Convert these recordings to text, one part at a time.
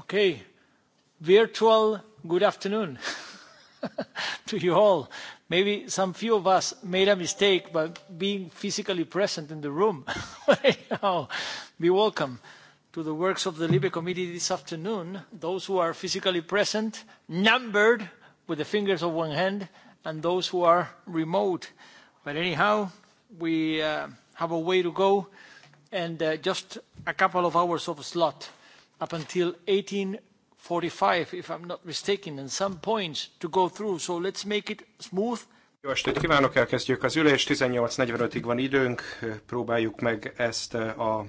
Okay, virtual good afternoon to you all. Maybe some few of us made a mistake by being physically present in the room. Anyhow, be welcome to the works of the Libe Committee this afternoon. Those who are physically present, numbered with the fingers of one hand, and those who are remote. But anyhow, we uh, have a way to go and uh, just a couple of hours of slot up until 1845, if I'm not mistaken, and some points to go through, so let's make it smooth. Jó estét kívánok, elkezdjük az ülést, 18.45-ig van időnk, próbáljuk meg ezt eh, a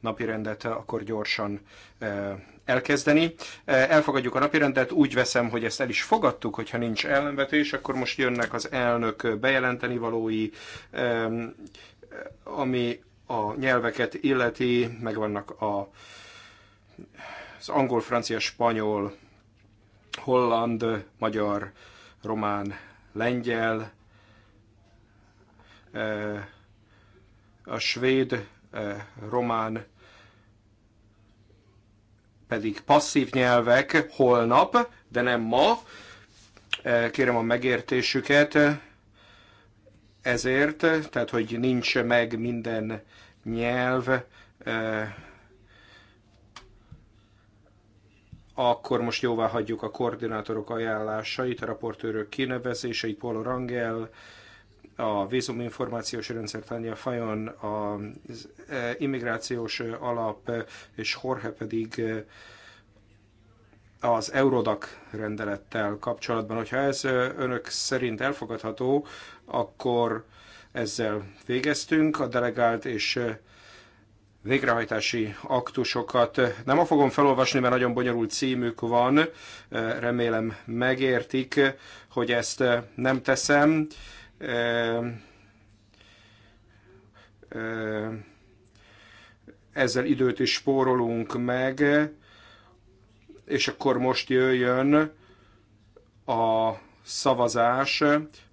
napi rendet akkor gyorsan eh, elkezdeni. Eh, elfogadjuk a napi rendet, úgy veszem, hogy ezt el is fogadtuk, hogyha nincs ellenvetés, akkor most jönnek az elnök bejelenteni valói, ami a nyelveket illeti, meg vannak a az angol, francia, spanyol, holland, magyar, román, lengyel, a svéd, román, pedig passzív nyelvek holnap, de nem ma. Kérem a megértésüket ezért, tehát hogy nincs meg minden nyelv akkor most jóvá hagyjuk a koordinátorok ajánlásait, a raportőrök kinevezései, Paul Rangel, a vízuminformációs rendszer Tanya Fajon, az e, immigrációs alap, és Jorge pedig e, az Eurodac rendelettel kapcsolatban. Hogyha ez e, önök szerint elfogadható, akkor ezzel végeztünk. A delegált és végrehajtási aktusokat. Nem a fogom felolvasni, mert nagyon bonyolult címük van, remélem megértik, hogy ezt nem teszem. Ezzel időt is spórolunk meg, és akkor most jöjjön a szavazás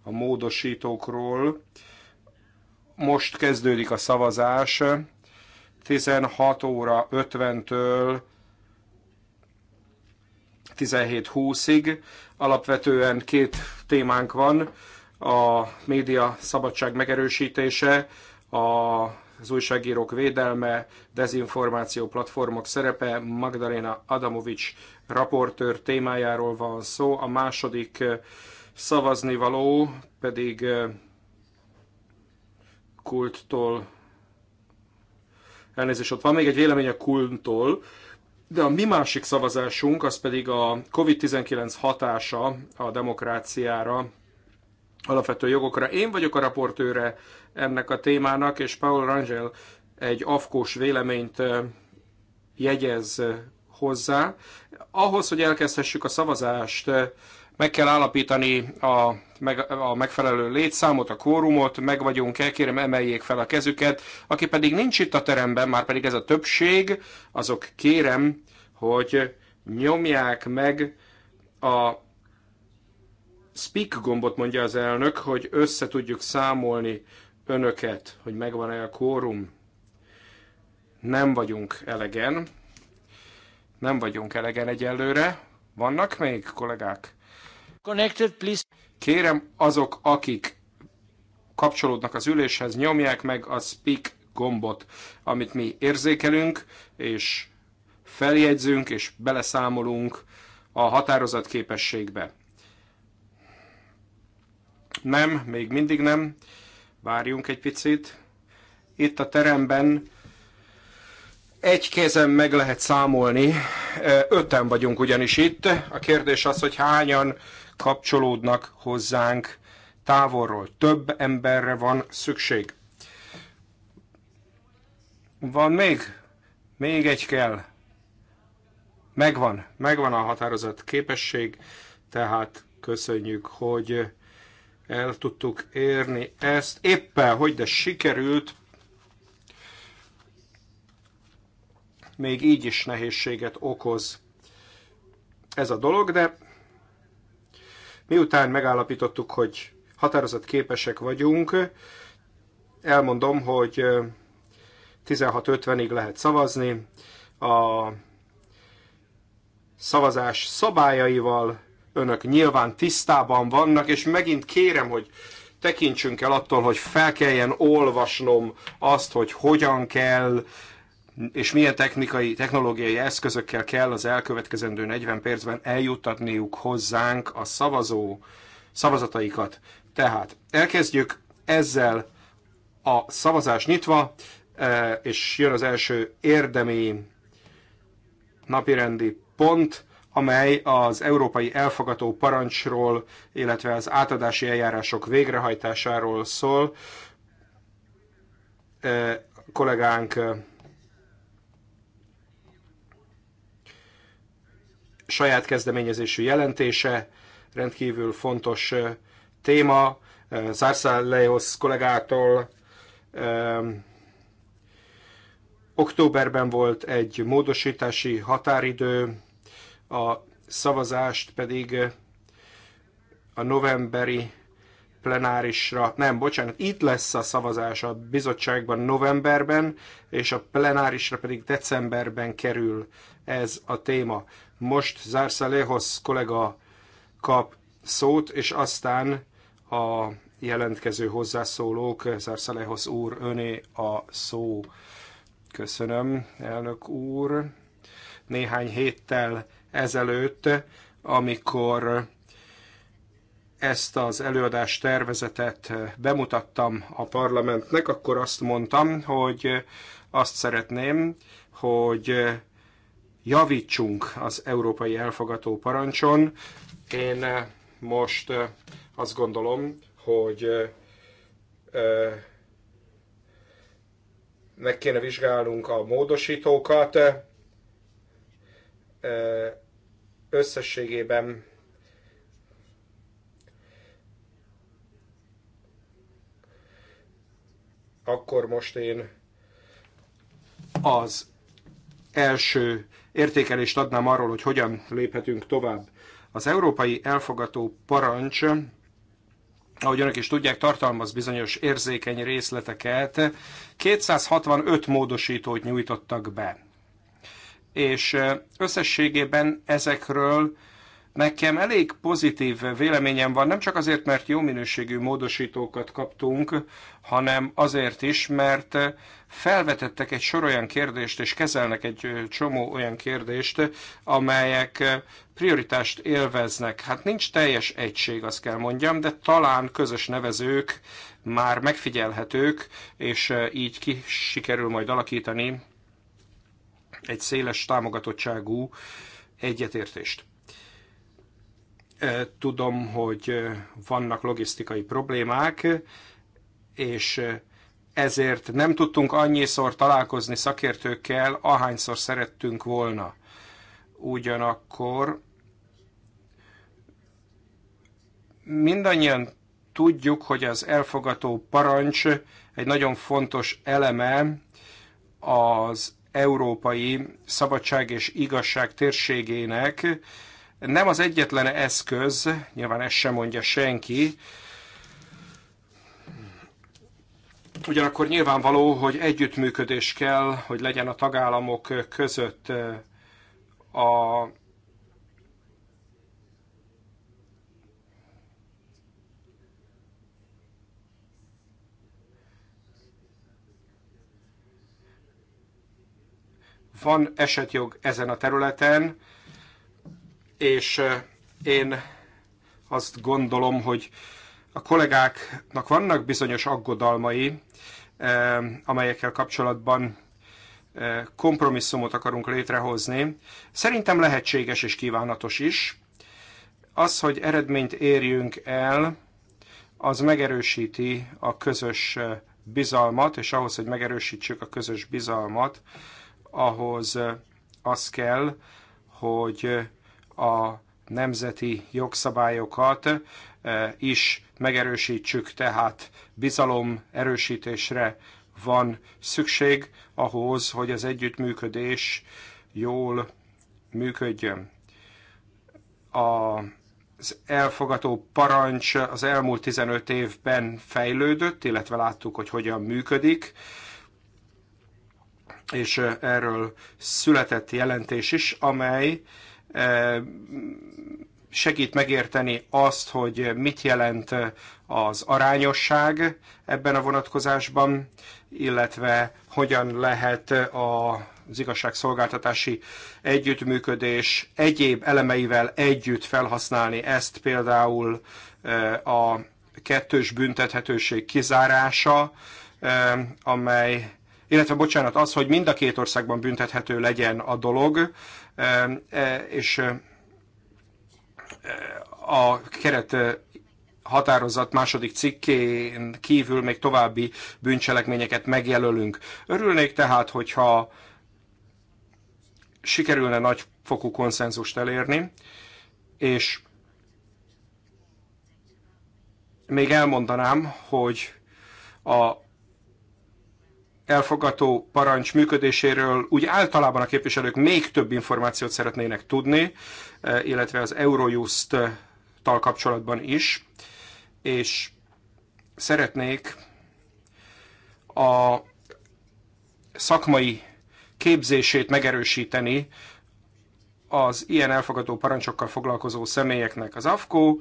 a módosítókról. Most kezdődik a szavazás 16 óra 50-től 17.20-ig. Alapvetően két témánk van, a média szabadság megerősítése, az újságírók védelme, dezinformáció platformok szerepe, Magdalena Adamovics raportőr témájáról van szó, a második szavazni való pedig kulttól Elnézést, ott van még egy vélemény a kultól, de a mi másik szavazásunk az pedig a COVID-19 hatása a demokráciára, alapvető jogokra. Én vagyok a raportőre ennek a témának, és Paul Rangel egy afkós véleményt jegyez hozzá. Ahhoz, hogy elkezdhessük a szavazást, meg kell állapítani a, meg, a megfelelő létszámot, a kórumot, meg vagyunk el, kérem emeljék fel a kezüket. Aki pedig nincs itt a teremben, már pedig ez a többség, azok kérem, hogy nyomják meg a speak gombot, mondja az elnök, hogy össze tudjuk számolni önöket, hogy megvan-e a kórum. Nem vagyunk elegen. Nem vagyunk elegen egyelőre. Vannak még kollégák? Kérem azok, akik kapcsolódnak az üléshez, nyomják meg a speak gombot, amit mi érzékelünk, és feljegyzünk, és beleszámolunk a határozat képességbe. Nem, még mindig nem. Várjunk egy picit. Itt a teremben egy kezem meg lehet számolni. Öten vagyunk ugyanis itt. A kérdés az, hogy hányan kapcsolódnak hozzánk távolról. Több emberre van szükség. Van még? Még egy kell. Megvan, megvan a határozott képesség, tehát köszönjük, hogy el tudtuk érni ezt. Éppen, hogy de sikerült, még így is nehézséget okoz ez a dolog, de Miután megállapítottuk, hogy határozott képesek vagyunk, elmondom, hogy 16.50-ig lehet szavazni. A szavazás szabályaival önök nyilván tisztában vannak, és megint kérem, hogy tekintsünk el attól, hogy fel kelljen olvasnom azt, hogy hogyan kell és milyen technikai, technológiai eszközökkel kell az elkövetkezendő 40 percben eljuttatniuk hozzánk a szavazó szavazataikat. Tehát elkezdjük ezzel a szavazás nyitva, e, és jön az első érdemi napirendi pont, amely az európai elfogató parancsról, illetve az átadási eljárások végrehajtásáról szól. E, kollégánk saját kezdeményezésű jelentése, rendkívül fontos téma. Zárszá Leosz kollégától októberben volt egy módosítási határidő, a szavazást pedig a novemberi plenárisra, nem, bocsánat, itt lesz a szavazás a bizottságban novemberben, és a plenárisra pedig decemberben kerül ez a téma. Most Zárszaléhoz kollega kap szót, és aztán a jelentkező hozzászólók, Zárszaléhoz úr, öné a szó. Köszönöm, elnök úr. Néhány héttel ezelőtt, amikor ezt az előadás tervezetet bemutattam a parlamentnek, akkor azt mondtam, hogy azt szeretném, hogy javítsunk az európai elfogató parancson. Én eh, most eh, azt gondolom, hogy eh, meg kéne vizsgálnunk a módosítókat. Összességében akkor most én az első értékelést adnám arról, hogy hogyan léphetünk tovább. Az európai elfogató parancs, ahogy önök is tudják, tartalmaz bizonyos érzékeny részleteket. 265 módosítót nyújtottak be. És összességében ezekről Nekem elég pozitív véleményem van, nem csak azért, mert jó minőségű módosítókat kaptunk, hanem azért is, mert felvetettek egy sor olyan kérdést, és kezelnek egy csomó olyan kérdést, amelyek prioritást élveznek. Hát nincs teljes egység, azt kell mondjam, de talán közös nevezők már megfigyelhetők, és így ki sikerül majd alakítani egy széles támogatottságú egyetértést. Tudom, hogy vannak logisztikai problémák, és ezért nem tudtunk annyiszor találkozni szakértőkkel, ahányszor szerettünk volna. Ugyanakkor mindannyian tudjuk, hogy az elfogató parancs egy nagyon fontos eleme az európai szabadság és igazság térségének, nem az egyetlen eszköz, nyilván ezt sem mondja senki, Ugyanakkor nyilvánvaló, hogy együttműködés kell, hogy legyen a tagállamok között a van esetjog ezen a területen, és eh, én azt gondolom, hogy a kollégáknak vannak bizonyos aggodalmai, eh, amelyekkel kapcsolatban eh, kompromisszumot akarunk létrehozni. Szerintem lehetséges és kívánatos is. Az, hogy eredményt érjünk el, az megerősíti a közös bizalmat, és ahhoz, hogy megerősítsük a közös bizalmat, ahhoz az kell, hogy a nemzeti jogszabályokat e, is megerősítsük, tehát bizalom erősítésre van szükség ahhoz, hogy az együttműködés jól működjön. A az elfogató parancs az elmúlt 15 évben fejlődött, illetve láttuk, hogy hogyan működik, és erről született jelentés is, amely segít megérteni azt, hogy mit jelent az arányosság ebben a vonatkozásban, illetve hogyan lehet a az igazságszolgáltatási együttműködés egyéb elemeivel együtt felhasználni ezt, például a kettős büntethetőség kizárása, amely, illetve bocsánat, az, hogy mind a két országban büntethető legyen a dolog, és a keret határozat második cikkén kívül még további bűncselekményeket megjelölünk. Örülnék tehát, hogyha sikerülne nagyfokú konszenzust elérni, és még elmondanám, hogy a elfogató parancs működéséről úgy általában a képviselők még több információt szeretnének tudni, eh, illetve az Eurojust-tal kapcsolatban is, és szeretnék a szakmai képzését megerősíteni az ilyen elfogadó parancsokkal foglalkozó személyeknek. Az AFKO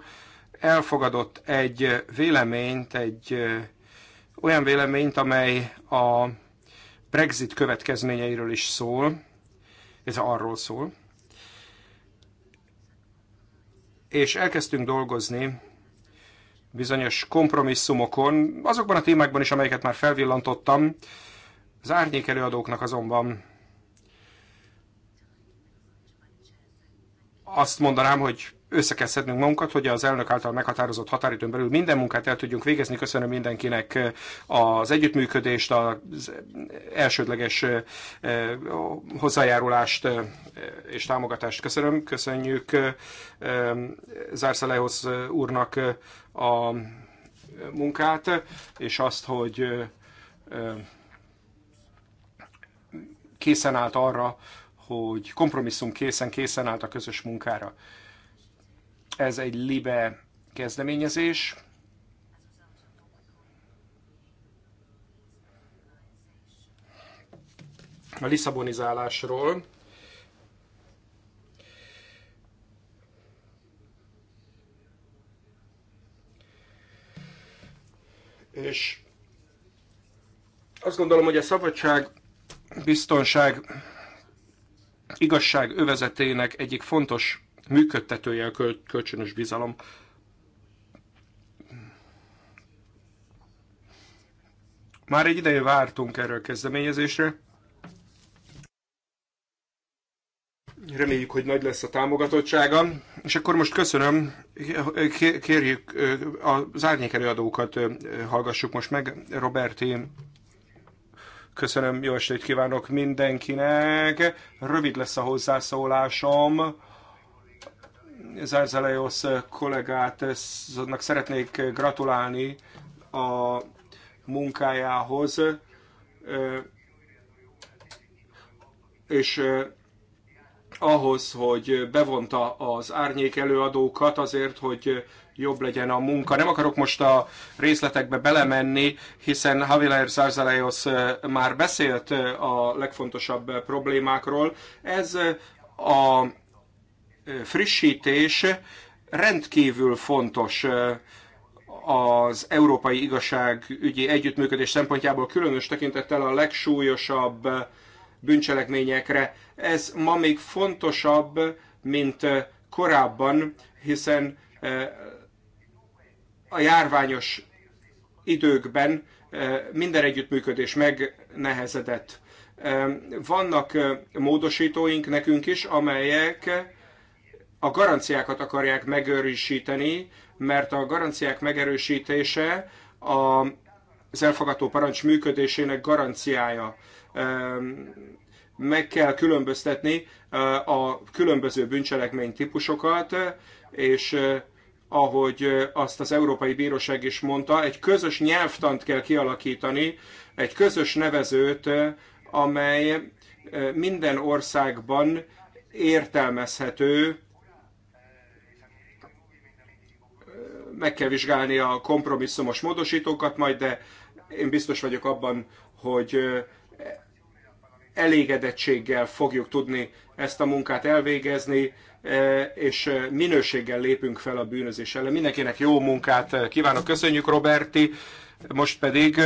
elfogadott egy véleményt, egy eh, olyan véleményt, amely a Brexit következményeiről is szól, ez arról szól, és elkezdtünk dolgozni bizonyos kompromisszumokon, azokban a témákban is, amelyeket már felvillantottam. Az árnyék előadóknak azonban azt mondanám, hogy össze kell szednünk magunkat, hogy az elnök által meghatározott határidőn belül minden munkát el tudjunk végezni. Köszönöm mindenkinek eh, az együttműködést, az elsődleges eh, eh, hozzájárulást és támogatást. Köszönöm, köszönjük Zárszalejhoz úrnak a munkát, és azt, hogy készen állt arra, hogy kompromisszum készen, készen állt a közös munkára. Ez egy libe kezdeményezés. A liszabonizálásról. És azt gondolom, hogy a szabadság, biztonság, igazság övezetének egyik fontos működtetője a kölcsönös bizalom. Már egy ideje vártunk erre a kezdeményezésre. Reméljük, hogy nagy lesz a támogatottsága. És akkor most köszönöm, kérjük az árnyék előadókat hallgassuk most meg. Roberti, köszönöm, jó estét kívánok mindenkinek. Rövid lesz a hozzászólásom Zárzelejos kollégát annak eh, szeretnék gratulálni a munkájához, eh, és eh, ahhoz, hogy bevonta az árnyék előadókat azért, hogy jobb legyen a munka. Nem akarok most a részletekbe belemenni, hiszen Javier Zarzalejos már beszélt a legfontosabb problémákról. Ez a frissítés rendkívül fontos az európai igazságügyi együttműködés szempontjából különös tekintettel a legsúlyosabb bűncselekményekre. Ez ma még fontosabb, mint korábban, hiszen a járványos időkben minden együttműködés megnehezedett. Vannak módosítóink nekünk is, amelyek a garanciákat akarják megerősíteni, mert a garanciák megerősítése a, az elfogadó parancs működésének garanciája. Ehm, meg kell különböztetni eh, a különböző bűncselekmény típusokat, és eh, ahogy eh, azt az Európai Bíróság is mondta, egy közös nyelvtant kell kialakítani, egy közös nevezőt, amely minden országban értelmezhető meg kell vizsgálni a kompromisszumos módosítókat majd, de én biztos vagyok abban, hogy elégedettséggel fogjuk tudni ezt a munkát elvégezni, és minőséggel lépünk fel a bűnözés ellen. Mindenkinek jó munkát kívánok, köszönjük Roberti, most pedig...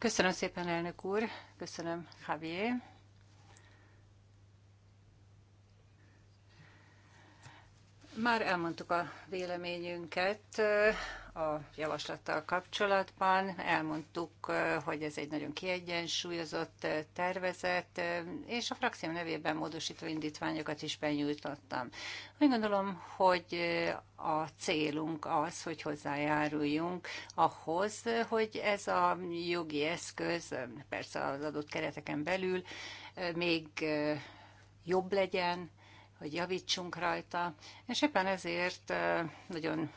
Köszönöm szépen, elnök úr, köszönöm Javier. Már elmondtuk a véleményünket a javaslattal kapcsolatban. Elmondtuk, hogy ez egy nagyon kiegyensúlyozott tervezet, és a frakció nevében módosító indítványokat is benyújtottam. Úgy gondolom, hogy a célunk az, hogy hozzájáruljunk ahhoz, hogy ez a jogi eszköz, persze az adott kereteken belül, még jobb legyen, hogy javítsunk rajta, és éppen ezért nagyon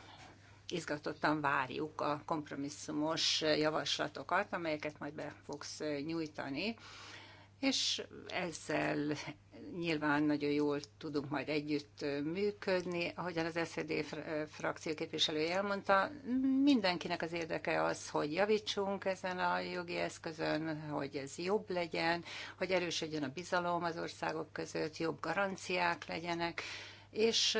izgatottan várjuk a kompromisszumos javaslatokat, amelyeket majd be fogsz nyújtani és ezzel nyilván nagyon jól tudunk majd együtt működni. Ahogyan az SZD frakció képviselője elmondta, mindenkinek az érdeke az, hogy javítsunk ezen a jogi eszközön, hogy ez jobb legyen, hogy erősödjön a bizalom az országok között, jobb garanciák legyenek, és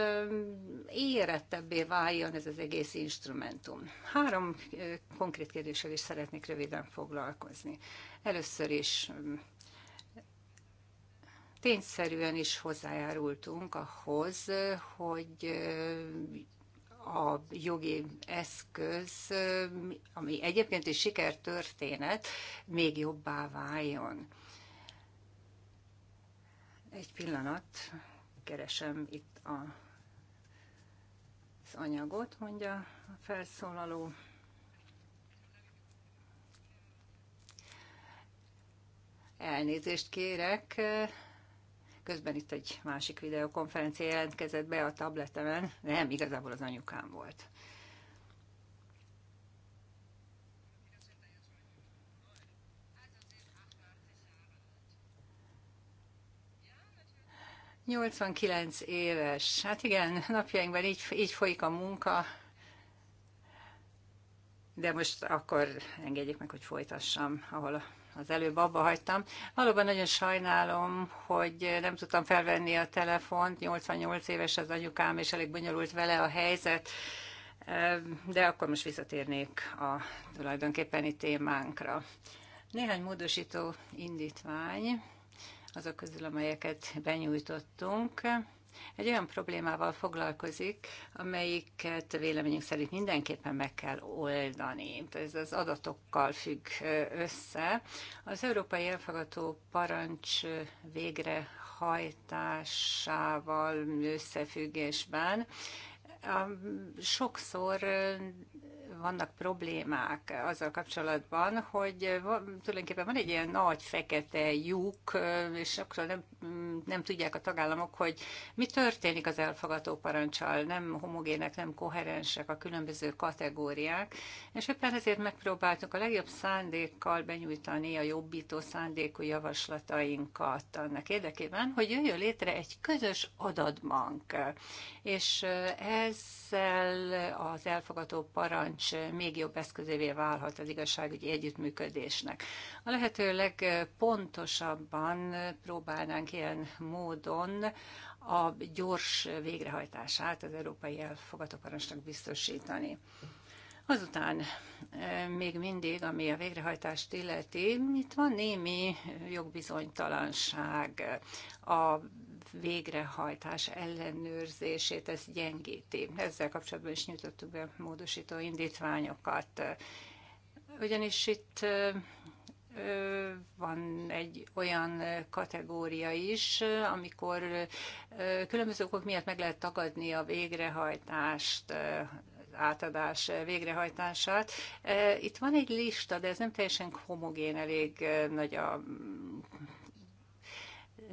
érettebbé váljon ez az egész instrumentum. Három konkrét kérdéssel is szeretnék röviden foglalkozni. Először is tényszerűen is hozzájárultunk ahhoz, hogy a jogi eszköz, ami egyébként is sikertörténet, még jobbá váljon. Egy pillanat, keresem itt a, az anyagot, mondja a felszólaló. Elnézést kérek, Közben itt egy másik videokonferencia jelentkezett be a tabletemen. Nem, igazából az anyukám volt. Nyolcvankilenc éves. Hát igen, napjainkban így, így folyik a munka, de most akkor engedjék meg, hogy folytassam, ahol az előbb abba hagytam. Valóban nagyon sajnálom, hogy nem tudtam felvenni a telefont, 88 éves az anyukám, és elég bonyolult vele a helyzet, de akkor most visszatérnék a tulajdonképpeni témánkra. Néhány módosító indítvány, azok közül, amelyeket benyújtottunk egy olyan problémával foglalkozik, amelyiket véleményünk szerint mindenképpen meg kell oldani. Ez az adatokkal függ össze. Az Európai Elfogató Parancs végrehajtásával összefüggésben sokszor vannak problémák azzal kapcsolatban, hogy van, tulajdonképpen van egy ilyen nagy fekete lyuk, és akkor nem, nem tudják a tagállamok, hogy mi történik az elfogadó parancsal, nem homogének, nem koherensek a különböző kategóriák, és éppen ezért megpróbáltuk a legjobb szándékkal benyújtani a jobbító szándékú javaslatainkat annak érdekében, hogy jöjjön létre egy közös adatbank, és ezzel az elfogadó parancs még jobb eszközévé válhat az igazságügyi együttműködésnek. A lehető legpontosabban próbálnánk ilyen módon a gyors végrehajtását az európai elfogadó biztosítani. Azután még mindig, ami a végrehajtást illeti, itt van némi jogbizonytalanság. A végrehajtás ellenőrzését ez gyengíti. Ezzel kapcsolatban is nyújtottuk be módosító indítványokat. Ugyanis itt van egy olyan kategória is, amikor különböző okok miatt meg lehet tagadni a végrehajtást, átadás végrehajtását. Itt van egy lista, de ez nem teljesen homogén, elég nagy a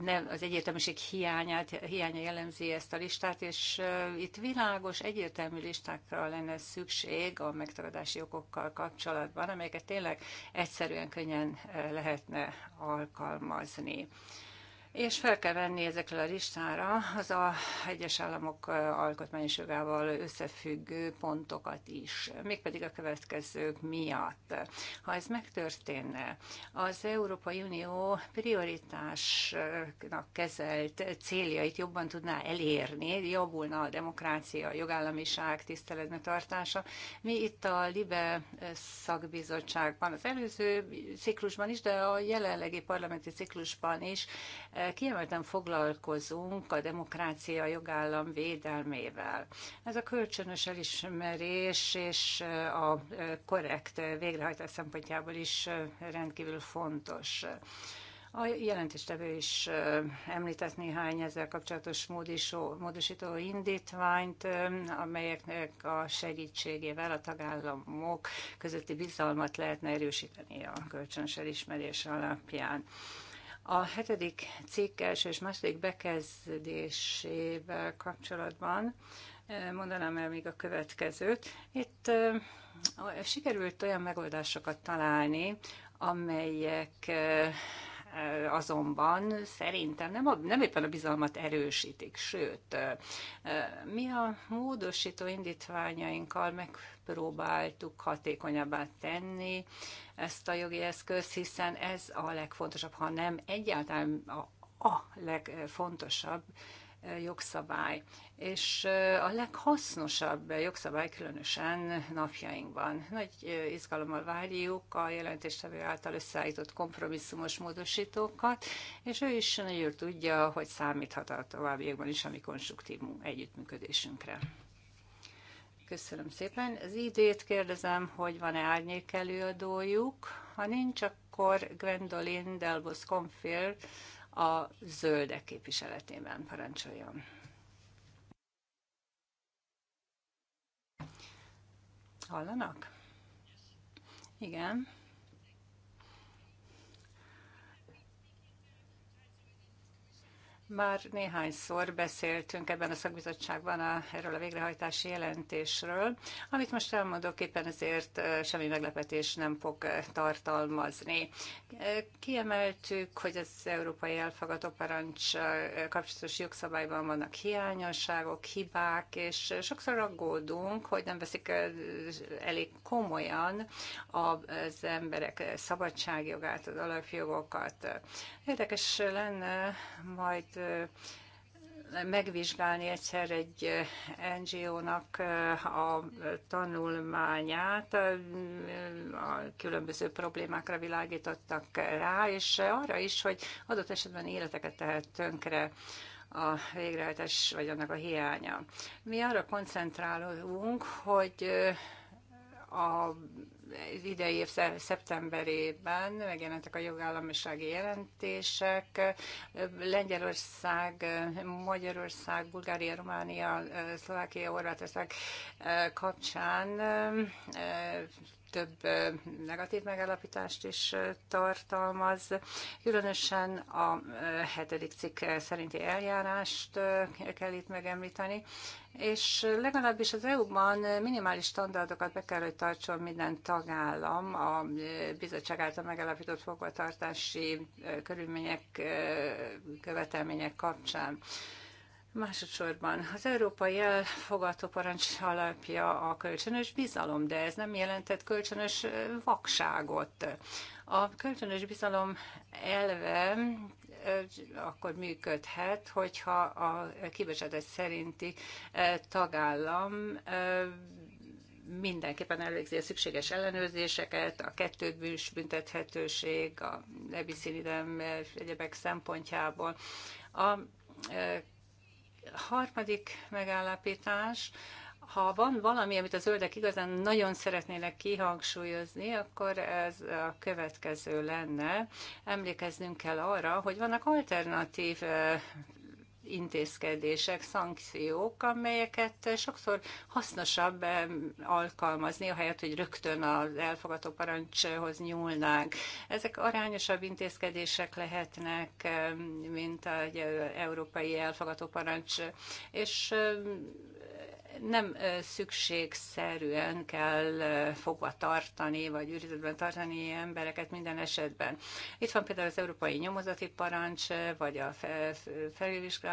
nem, az egyértelműség hiányát, hiánya jellemzi ezt a listát, és itt világos, egyértelmű listákra lenne szükség a megtagadási okokkal kapcsolatban, amelyeket tényleg egyszerűen könnyen lehetne alkalmazni és fel kell venni ezekre a listára az a egyes államok alkotmányos jogával összefüggő pontokat is, mégpedig a következők miatt. Ha ez megtörténne, az Európai Unió prioritásnak kezelt céljait jobban tudná elérni, javulna a demokrácia, a jogállamiság tiszteletbe tartása. Mi itt a LIBE szakbizottságban, az előző ciklusban is, de a jelenlegi parlamenti ciklusban is kiemelten foglalkozunk a demokrácia, jogállam védelmével. Ez a kölcsönös elismerés és a korrekt végrehajtás szempontjából is rendkívül fontos. A jelentéstevő is említett néhány ezzel kapcsolatos módisó, módosító indítványt, amelyeknek a segítségével a tagállamok közötti bizalmat lehetne erősíteni a kölcsönös elismerés alapján. A hetedik cikk első és második bekezdésével kapcsolatban mondanám el még a következőt. Itt sikerült olyan megoldásokat találni, amelyek azonban szerintem nem, a, nem éppen a bizalmat erősítik, sőt, mi a módosító indítványainkkal meg megpróbáltuk hatékonyabbá tenni ezt a jogi eszközt, hiszen ez a legfontosabb, ha nem egyáltalán a, a legfontosabb eh, jogszabály, és eh, a leghasznosabb jogszabály különösen napjainkban. Nagy eh, izgalommal várjuk a jelentéstevő által összeállított kompromisszumos módosítókat, és ő is nagyon tudja, hogy számíthat a továbbiakban is a mi konstruktív együttműködésünkre. Köszönöm szépen. Az idét kérdezem, hogy van-e árnyék előadójuk. Ha nincs, akkor Gwendolyn Delbos Confir a zöldek képviseletében parancsoljon. Hallanak? Igen. Már néhányszor beszéltünk ebben a szakbizottságban a, erről a végrehajtási jelentésről, amit most elmondok, éppen ezért semmi meglepetés nem fog tartalmazni. Kiemeltük, hogy az európai elfogadó parancs kapcsolatos jogszabályban vannak hiányosságok, hibák, és sokszor aggódunk, hogy nem veszik elég komolyan az emberek szabadságjogát, az alapjogokat. Érdekes lenne majd megvizsgálni egyszer egy NGO-nak a tanulmányát, a különböző problémákra világítottak rá, és arra is, hogy adott esetben életeket tehet tönkre a végrehajtás, vagy annak a hiánya. Mi arra koncentrálunk, hogy a idei év szeptemberében megjelentek a jogállamisági jelentések. Lengyelország, Magyarország, Bulgária, Románia, Szlovákia, Horvátország eh, kapcsán eh, több negatív megállapítást is tartalmaz. Különösen a hetedik cikk szerinti eljárást kell itt megemlíteni, és legalábbis az EU-ban minimális standardokat be kell, hogy tartson minden tagállam a bizottság által megállapított fogvatartási körülmények, követelmények kapcsán. Másodszorban az európai elfogadó parancs alapja a kölcsönös bizalom, de ez nem jelentett kölcsönös vakságot. A kölcsönös bizalom elve akkor működhet, hogyha a kibecsatás szerinti tagállam mindenképpen elvégzi a szükséges ellenőrzéseket, a bűs büntethetőség, a nebiszínidem egyebek szempontjából. A harmadik megállapítás, ha van valami, amit a zöldek igazán nagyon szeretnének kihangsúlyozni, akkor ez a következő lenne. Emlékeznünk kell arra, hogy vannak alternatív eh, intézkedések, szankciók, amelyeket sokszor hasznosabb alkalmazni, ahelyett, hogy rögtön az elfogadó parancshoz nyúlnánk. Ezek arányosabb intézkedések lehetnek, mint az európai elfogadó parancs, és nem szükségszerűen kell fogva tartani, vagy őrizetben tartani embereket minden esetben. Itt van például az európai nyomozati parancs, vagy a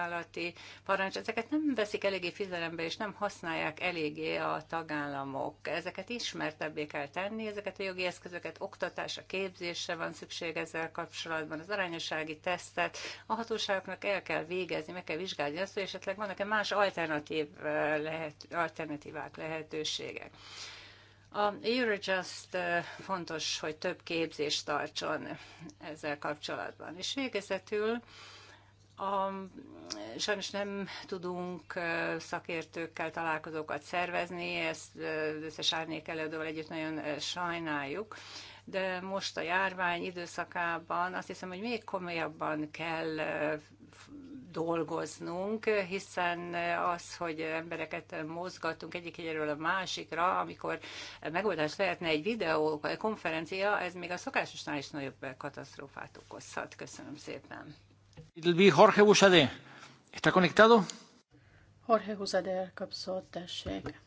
vizsgálati parancs, ezeket nem veszik eléggé figyelembe, és nem használják eléggé a tagállamok. Ezeket ismertebbé kell tenni, ezeket a jogi eszközöket oktatásra, képzésre van szükség ezzel kapcsolatban, az arányossági tesztet a hatóságoknak el kell végezni, meg kell vizsgálni azt, hogy esetleg vannak-e más alternatív eh, lehet, alternatívák, lehetőségek. A Eurojust eh, fontos, hogy több képzést tartson ezzel kapcsolatban. És végezetül a, sajnos nem tudunk szakértőkkel találkozókat szervezni, ezt összes árnyék előadóval együtt nagyon sajnáljuk, de most a járvány időszakában azt hiszem, hogy még komolyabban kell dolgoznunk, hiszen az, hogy embereket mozgatunk egyik egyről a másikra, amikor megoldás lehetne egy videó konferencia, ez még a szokásosnál is nagyobb katasztrófát okozhat. Köszönöm szépen. Jorge Busadé. Está conectado? Jorge Busadé kap szót, tessék.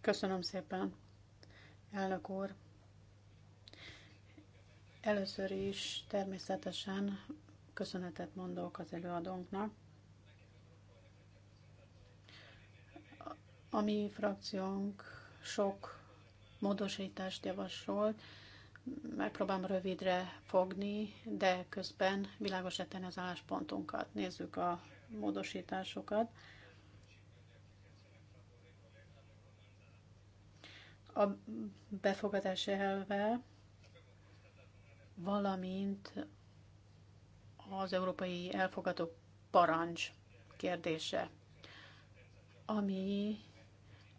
Köszönöm szépen, elnök úr. Először is természetesen köszönetet mondok az előadónknak. A mi frakciónk sok módosítást javasolt, megpróbálom rövidre fogni, de közben világos tenni az álláspontunkat. Nézzük a módosításokat. A befogadás elve, valamint az európai elfogadó parancs kérdése, ami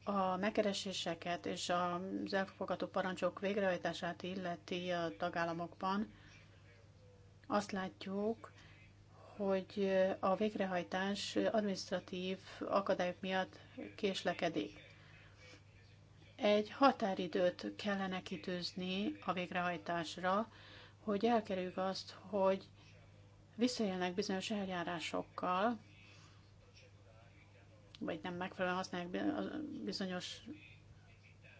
a megkereséseket és az elfogadó parancsok végrehajtását illeti a tagállamokban azt látjuk, hogy a végrehajtás administratív akadályok miatt késlekedik. Egy határidőt kellene kitűzni a végrehajtásra, hogy elkerüljük azt, hogy visszaélnek bizonyos eljárásokkal, vagy nem megfelelően használják bizonyos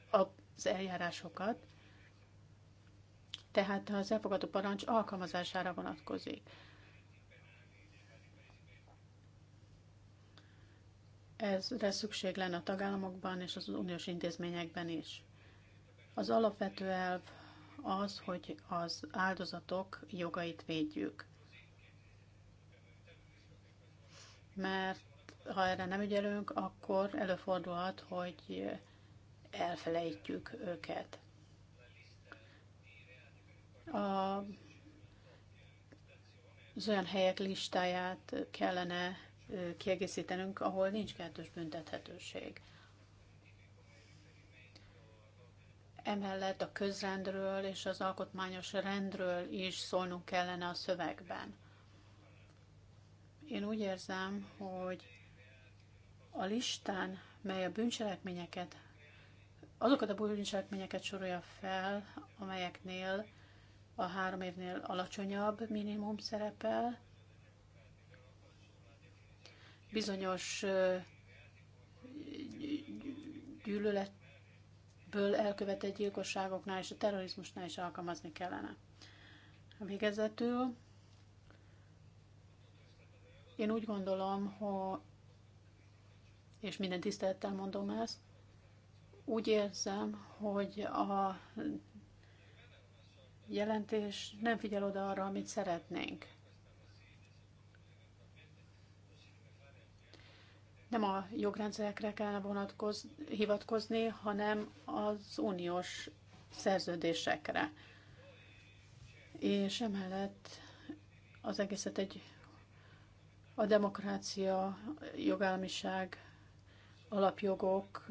az eljárásokat. Tehát az elfogadó parancs alkalmazására vonatkozik. Ezre szükség lenne a tagállamokban és az uniós intézményekben is. Az alapvető elv az, hogy az áldozatok jogait védjük. Mert ha erre nem ügyelünk, akkor előfordulhat, hogy elfelejtjük őket. A, az olyan helyek listáját kellene kiegészítenünk, ahol nincs kettős büntethetőség. Emellett a közrendről és az alkotmányos rendről is szólnunk kellene a szövegben. Én úgy érzem, hogy a listán, mely a bűncselekményeket, azokat a bűncselekményeket sorolja fel, amelyeknél a három évnél alacsonyabb minimum szerepel, bizonyos gyűlöletből elkövetett gyilkosságoknál és a terrorizmusnál is alkalmazni kellene. Végezetül én úgy gondolom, hogy és minden tisztelettel mondom ezt, úgy érzem, hogy a jelentés nem figyel oda arra, amit szeretnénk. Nem a jogrendszerekre kellene vonatkoz, hivatkozni, hanem az uniós szerződésekre. És emellett az egészet egy a demokrácia, jogállamiság alapjogok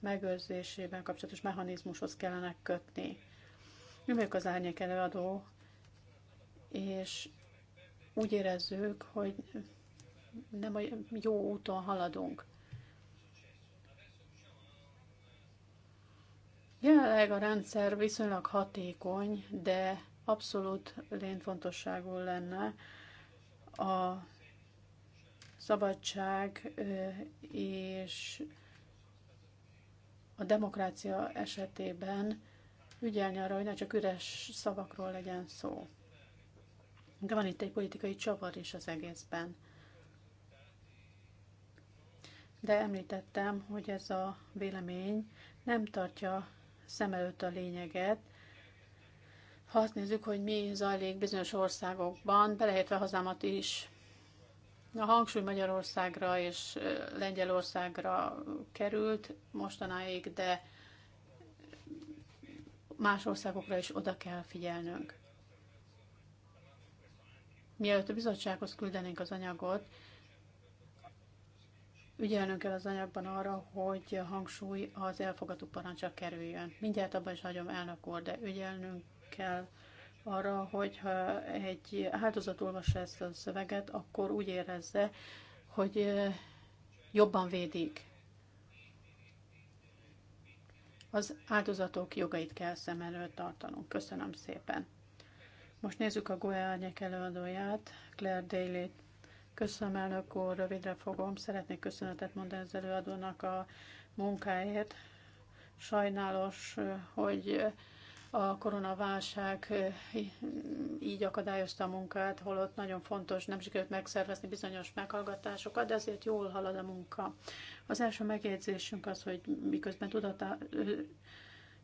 megőrzésében kapcsolatos mechanizmushoz kellene kötni. Mi vagyok az árnyék előadó, és úgy érezzük, hogy nem a jó úton haladunk. Jelenleg a rendszer viszonylag hatékony, de abszolút lényfontosságú lenne a szabadság és a demokrácia esetében ügyelni arra, hogy ne csak üres szavakról legyen szó. De van itt egy politikai csavar is az egészben. De említettem, hogy ez a vélemény nem tartja szem előtt a lényeget. Ha azt nézzük, hogy mi zajlik bizonyos országokban, beleértve hazámat is, a hangsúly Magyarországra és Lengyelországra került mostanáig, de más országokra is oda kell figyelnünk. Mielőtt a bizottsághoz küldenénk az anyagot, ügyelnünk kell az anyagban arra, hogy a hangsúly az elfogadó parancsra kerüljön. Mindjárt abban is hagyom elnök úr, de ügyelnünk kell arra, hogyha egy áldozat olvassa ezt a szöveget, akkor úgy érezze, hogy jobban védik. Az áldozatok jogait kell szem előtt tartanunk. Köszönöm szépen. Most nézzük a Goya Árnyék előadóját, Claire daly -t. Köszönöm, elnök úr, rövidre fogom. Szeretnék köszönetet mondani az előadónak a munkáért. Sajnálos, hogy a koronaválság így akadályozta a munkát, holott nagyon fontos, nem sikerült megszervezni bizonyos meghallgatásokat, de ezért jól halad a munka. Az első megjegyzésünk az, hogy miközben tudatá,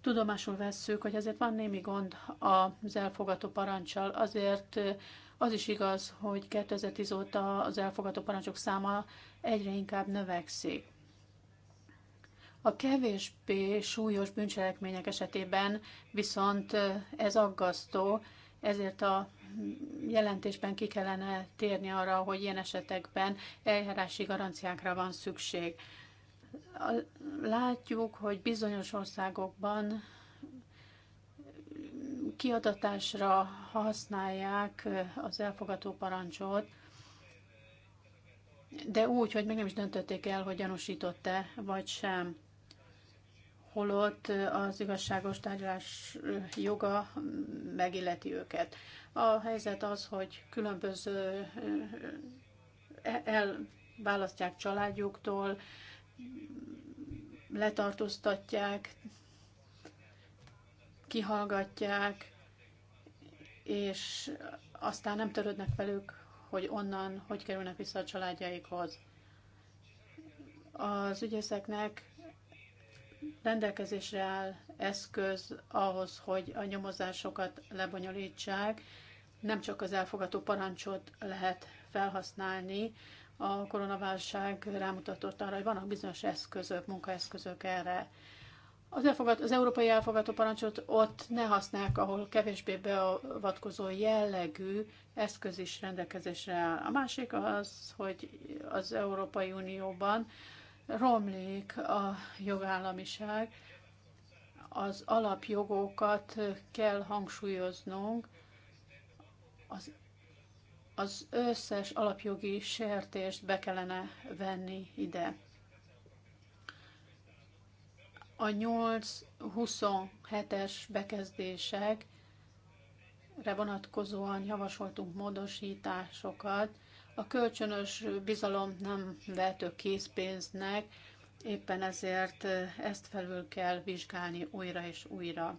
tudomásul vesszük, hogy azért van némi gond az elfogató parancsal, azért az is igaz, hogy 2010 óta az elfogató parancsok száma egyre inkább növekszik. A kevésbé súlyos bűncselekmények esetében viszont ez aggasztó, ezért a jelentésben ki kellene térni arra, hogy ilyen esetekben eljárási garanciákra van szükség. Látjuk, hogy bizonyos országokban kiadatásra használják az elfogató parancsot, de úgy, hogy még nem is döntötték el, hogy gyanúsított-e vagy sem holott az igazságos tárgyalás joga megilleti őket. A helyzet az, hogy különböző e-, elválasztják családjuktól, letartóztatják, kihallgatják, és aztán nem törődnek velük, hogy onnan hogy kerülnek vissza a családjaikhoz. Az ügyészeknek rendelkezésre áll eszköz ahhoz, hogy a nyomozásokat lebonyolítsák, nem csak az elfogató parancsot lehet felhasználni, a koronaválság rámutatott arra, hogy vannak bizonyos eszközök, munkaeszközök erre. Az, elfogad, az európai elfogadó parancsot ott ne használják, ahol kevésbé beavatkozó jellegű eszköz is rendelkezésre áll. A másik az, hogy az Európai Unióban romlik a jogállamiság, az alapjogokat kell hangsúlyoznunk, az, az összes alapjogi sértést be kellene venni ide. A 8-27-es bekezdésekre vonatkozóan javasoltunk módosításokat, a kölcsönös bizalom nem vehető készpénznek, éppen ezért ezt felül kell vizsgálni újra és újra.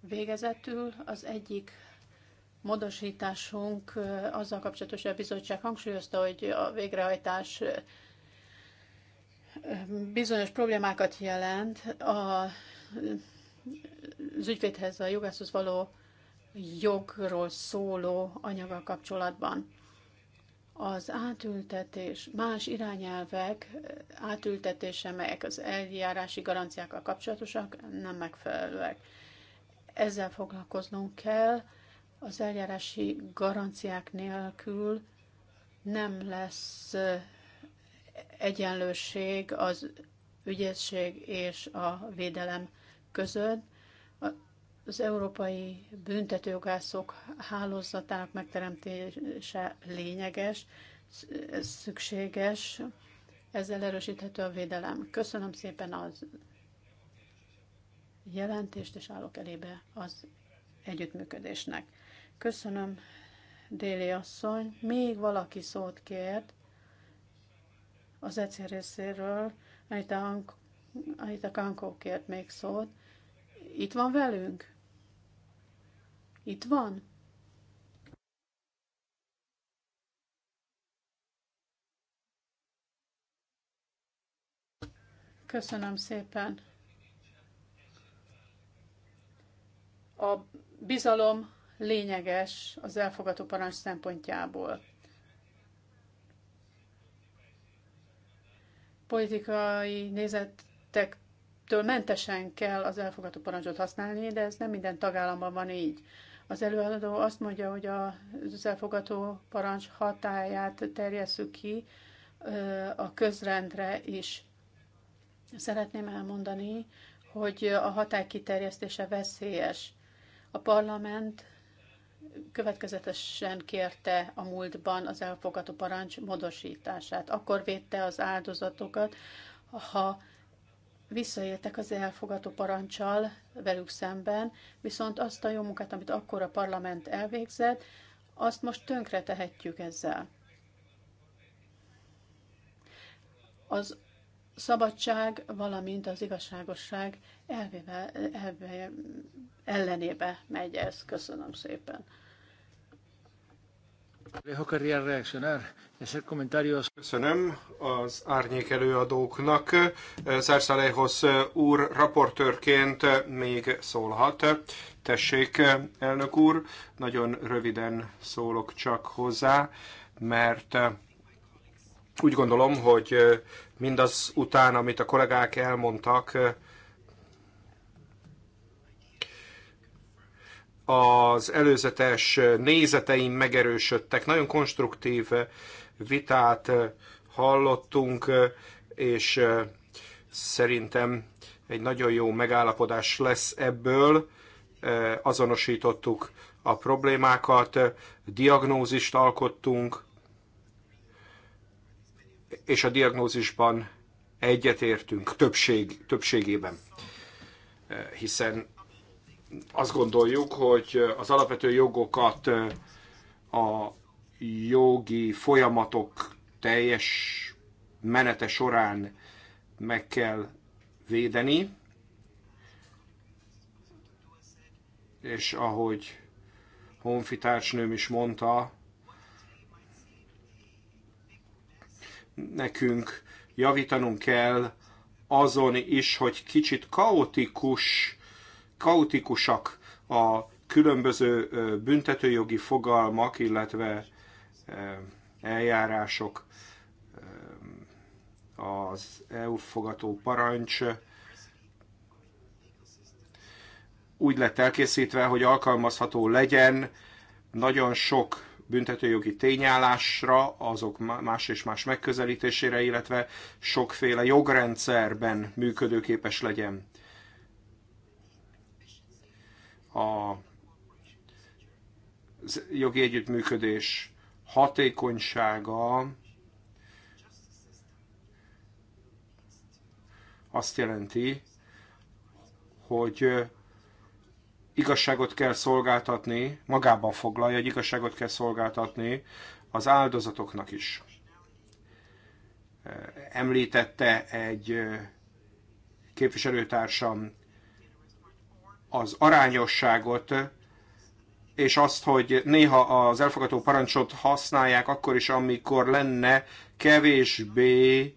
Végezetül az egyik módosításunk azzal kapcsolatos, hogy a bizottság hangsúlyozta, hogy a végrehajtás bizonyos problémákat jelent. A, az ügyvédhez, a jogászhoz való jogról szóló anyaga kapcsolatban az átültetés, más irányelvek átültetése, melyek az eljárási garanciákkal kapcsolatosak, nem megfelelőek. Ezzel foglalkoznunk kell, az eljárási garanciák nélkül nem lesz egyenlőség az ügyesség és a védelem között az európai büntetőjogászok hálózatának megteremtése lényeges, szükséges, ezzel erősíthető a védelem. Köszönöm szépen az jelentést, és állok elébe az együttműködésnek. Köszönöm, Déli asszony. Még valaki szót kért az ECI részéről. Anita Kankó kért még szót. Itt van velünk? Itt van. Köszönöm szépen. A bizalom lényeges az elfogadó parancs szempontjából. Politikai nézetektől mentesen kell az elfogadó parancsot használni, de ez nem minden tagállamban van így. Az előadó azt mondja, hogy az elfogató parancs hatáját terjesszük ki a közrendre is. Szeretném elmondani, hogy a hatály kiterjesztése veszélyes. A parlament következetesen kérte a múltban az elfogadó parancs módosítását. Akkor védte az áldozatokat, ha visszaéltek az elfogató parancsal velük szemben, viszont azt a jó munkát, amit akkor a parlament elvégzett, azt most tönkre tehetjük ezzel. Az szabadság, valamint az igazságosság elvéve, elve, ellenébe megy ez. Köszönöm szépen. Köszönöm az árnyék előadóknak. Szárszáléhoz úr raportőrként még szólhat. Tessék, elnök úr, nagyon röviden szólok csak hozzá, mert úgy gondolom, hogy mindaz után, amit a kollégák elmondtak, az előzetes nézeteim megerősödtek. Nagyon konstruktív vitát eh, hallottunk, eh, és eh, szerintem egy nagyon jó megállapodás lesz ebből. Azonosítottuk a problémákat, diagnózist alkottunk, és a diagnózisban egyetértünk többség, többségében, hiszen azt gondoljuk, hogy az alapvető jogokat a jogi folyamatok teljes menete során meg kell védeni, és ahogy honfitársnőm is mondta, nekünk javítanunk kell azon is, hogy kicsit kaotikus kaotikusak a különböző büntetőjogi fogalmak, illetve eljárások, az EU elfogató parancs úgy lett elkészítve, hogy alkalmazható legyen nagyon sok büntetőjogi tényállásra, azok más és más megközelítésére, illetve sokféle jogrendszerben működőképes legyen a jogi együttműködés hatékonysága azt jelenti, hogy igazságot kell szolgáltatni, magában foglalja, hogy igazságot kell szolgáltatni az áldozatoknak is. Említette egy képviselőtársam az arányosságot, és azt, hogy néha az elfogadó parancsot használják akkor is, amikor lenne kevésbé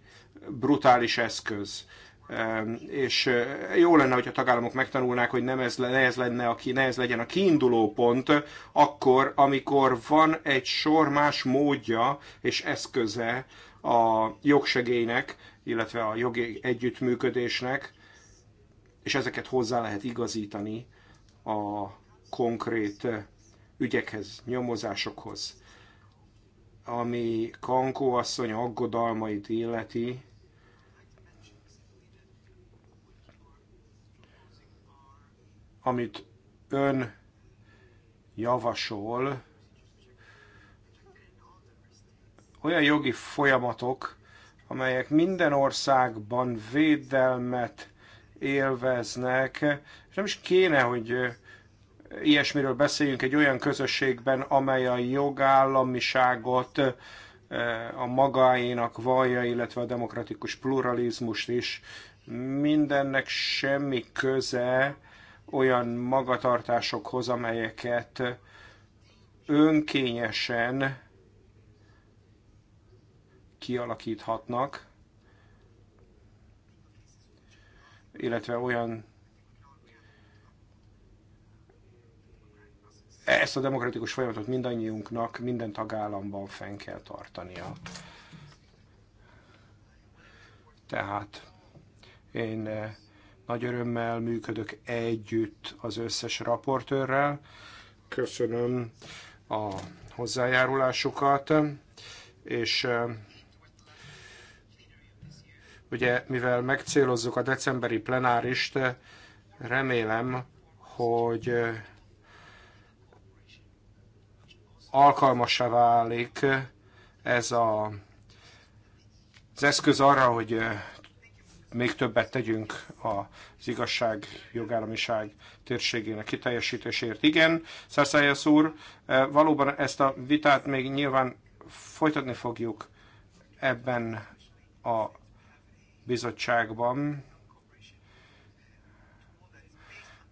brutális eszköz. Ehm, és eh, jó lenne, hogy a tagállamok megtanulnák, hogy nem ez, ne, ez lenne a, ne ez legyen a kiinduló pont, akkor, amikor van egy sor más módja és eszköze a jogsegélynek, illetve a jogi együttműködésnek, és ezeket hozzá lehet igazítani a konkrét ügyekhez, nyomozásokhoz. Ami Kankó asszony aggodalmait illeti, amit ön javasol, olyan jogi folyamatok, amelyek minden országban védelmet élveznek, és nem is kéne, hogy ilyesmiről beszéljünk egy olyan közösségben, amely a jogállamiságot a magáénak vallja, illetve a demokratikus pluralizmust is. Mindennek semmi köze olyan magatartásokhoz, amelyeket önkényesen kialakíthatnak. illetve olyan ezt a demokratikus folyamatot mindannyiunknak, minden tagállamban fenn kell tartania. Tehát én eh, nagy örömmel működök együtt az összes raportőrrel. Köszönöm a hozzájárulásukat, és eh, Ugye, mivel megcélozzuk a decemberi plenárist, eh, remélem, hogy eh, alkalmasá válik eh, ez a, az eszköz arra, hogy még többet tegyünk az igazság, jogállamiság térségének kiteljesítéséért. Igen, Szászájász úr, valóban ezt a vitát még nyilván folytatni fogjuk ebben a bizottságban.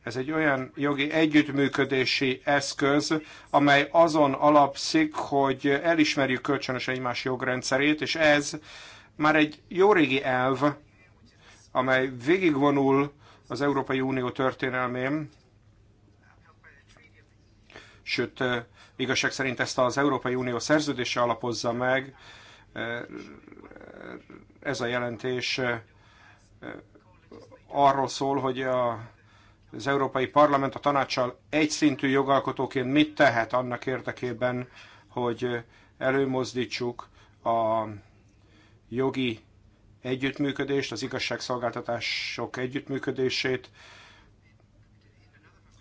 Ez egy olyan jogi együttműködési eszköz, amely azon alapszik, hogy elismerjük kölcsönös egymás jogrendszerét, és ez már egy jó régi elv, amely végigvonul az Európai Unió történelmén, sőt, igazság szerint ezt az Európai Unió szerződése alapozza meg, ez a jelentés eh, eh, arról szól, hogy a, az Európai Parlament a tanácssal egyszintű jogalkotóként mit tehet annak érdekében, hogy előmozdítsuk a jogi együttműködést, az igazságszolgáltatások együttműködését,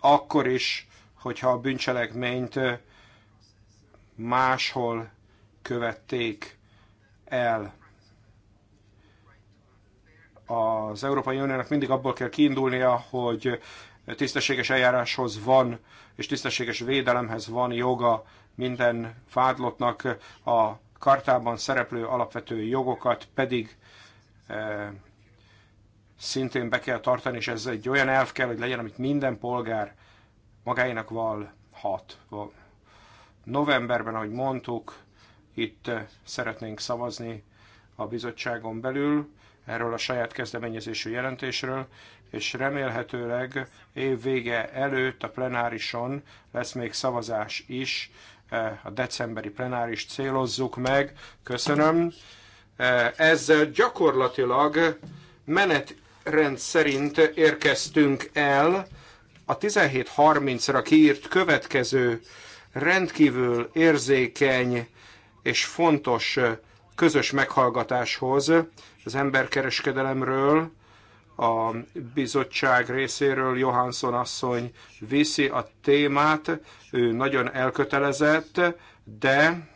akkor is, hogyha a bűncselekményt eh, máshol követték el. Az Európai Uniónak mindig abból kell kiindulnia, hogy tisztességes eljáráshoz van, és tisztességes védelemhez van joga minden vádlottnak, a kartában szereplő alapvető jogokat pedig eh, szintén be kell tartani, és ez egy olyan elv kell, hogy legyen, amit minden polgár magáinak val hat. Novemberben, ahogy mondtuk, itt eh, szeretnénk szavazni a bizottságon belül erről a saját kezdeményezésű jelentésről, és remélhetőleg év vége előtt a plenárison lesz még szavazás is, eh, a decemberi plenáris célozzuk meg. Köszönöm. Eh, Ezzel gyakorlatilag menetrend szerint érkeztünk el a 17.30-ra kiírt következő rendkívül érzékeny és fontos közös meghallgatáshoz az emberkereskedelemről, a bizottság részéről Johansson asszony viszi a témát, ő nagyon elkötelezett, de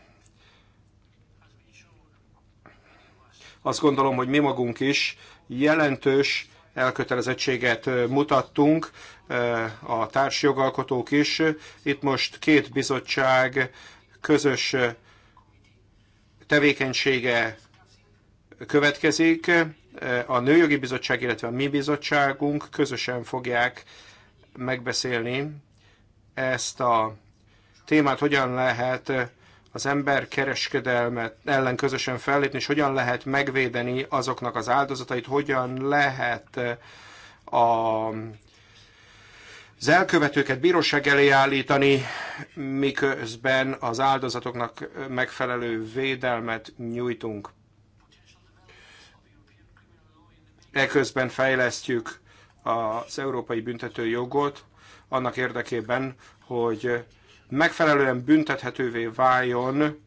azt gondolom, hogy mi magunk is jelentős elkötelezettséget mutattunk, a társjogalkotók is. Itt most két bizottság közös tevékenysége következik. A Nőjogi Bizottság, illetve a mi bizottságunk közösen fogják megbeszélni ezt a témát, hogyan lehet az ember kereskedelmet ellen közösen fellépni, és hogyan lehet megvédeni azoknak az áldozatait, hogyan lehet a az elkövetőket bíróság elé állítani, miközben az áldozatoknak megfelelő védelmet nyújtunk. Eközben fejlesztjük az európai büntető jogot annak érdekében, hogy megfelelően büntethetővé váljon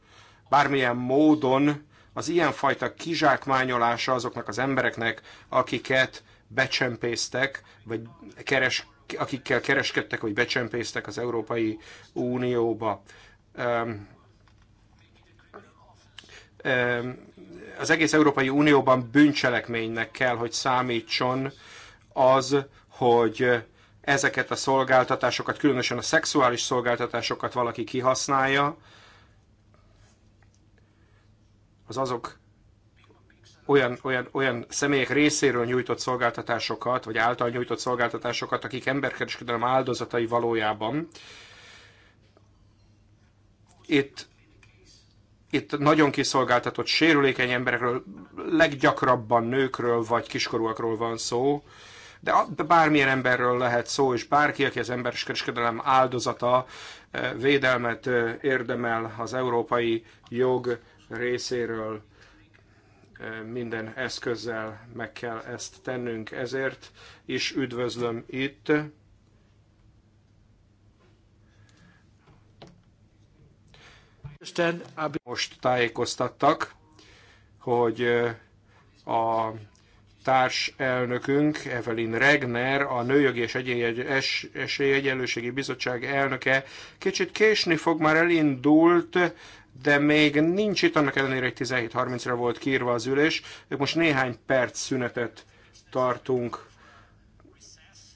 bármilyen módon az ilyenfajta kizsákmányolása azoknak az embereknek, akiket becsempésztek, vagy keres, akikkel kereskedtek vagy becsempésztek az Európai Unióba. Az egész Európai Unióban bűncselekménynek kell, hogy számítson az, hogy ezeket a szolgáltatásokat, különösen a szexuális szolgáltatásokat valaki kihasználja, az azok olyan, olyan, olyan személyek részéről nyújtott szolgáltatásokat, vagy által nyújtott szolgáltatásokat, akik emberkereskedelem áldozatai valójában. Itt, itt nagyon kiszolgáltatott, sérülékeny emberekről, leggyakrabban nőkről vagy kiskorúakról van szó, de, de bármilyen emberről lehet szó, és bárki, aki az emberkereskedelem áldozata, eh, védelmet eh, érdemel az európai jog részéről minden eszközzel meg kell ezt tennünk. Ezért is üdvözlöm itt Most tájékoztattak, hogy a társelnökünk, Evelyn Regner, a Nőjogi és Esélyegyenlőségi Bizottság elnöke kicsit késni fog, már elindult de még nincs itt, annak ellenére, hogy 17.30-ra volt kiírva az ülés. Most néhány perc szünetet tartunk.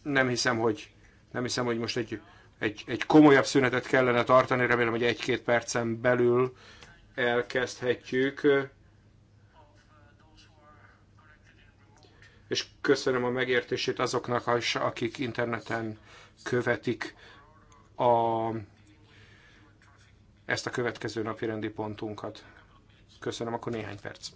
Nem hiszem, hogy, nem hiszem, hogy most egy, egy, egy komolyabb szünetet kellene tartani. Remélem, hogy egy-két percen belül elkezdhetjük. És köszönöm a megértését azoknak, akik interneten követik a ezt a következő napi rendi pontunkat. Köszönöm, akkor néhány perc.